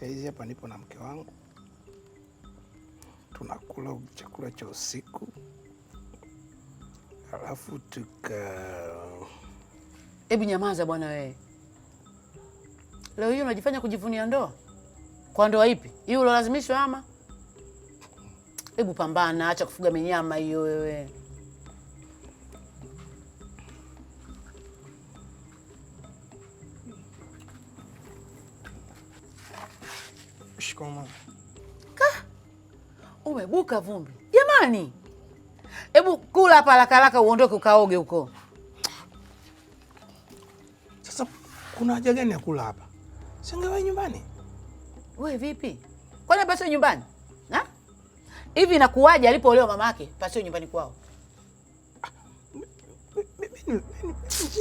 Saizi hapa nipo na mke wangu, tunakula chakula cha usiku, alafu tuka hebu nyamaza bwana wewe. Leo hiyo unajifanya kujivunia ndoa? Kwa ndoa ipi hiyo ulolazimishwa ama? Hebu pambana, acha kufuga minyama hiyo wewe. Shikoma. Ka. Umebuka vumbi. Jamani. Hebu kula palakalaka uondoke ukaoge huko. Sasa kuna haja gani ya kula hapa? Singewahi nyumbani. Wewe vipi? Kwani hapa sio nyumbani? Na? Hivi nakuwaje alipoolewa yake? Pasio nyumbani kwao.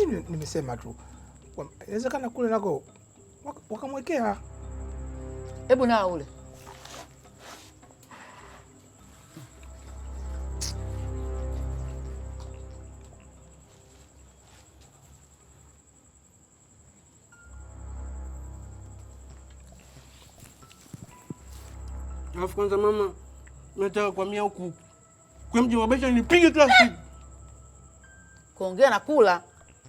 Mimi nimesema tu. Inawezekana kule nako wakamwekea Hebu na ule Alafu kwanza mama, nataka kuhamia huku kwa mji wa Besha nipige kila siku. Kuongea na kula,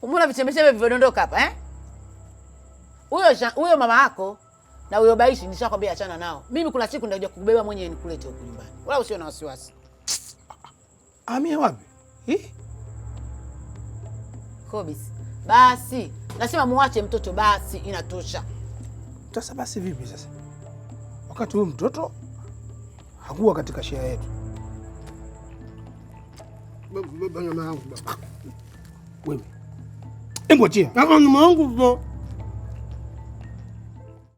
umeona vichembechembe vilivyodondoka hapa eh? Huyo huyo mama yako na huyo baishi nishakwambia achana nao. Mimi kuna siku ndakuja kukubeba mwenyewe nikulete huko nyumbani, wala usio na wasiwasi. Amia wapi? Hii basi nasema muache mtoto basi, inatosha. Sasa basi vipi sasa, wakati huyu mtoto hakuwa katika shia yetu? wewe embo tia nyama yangu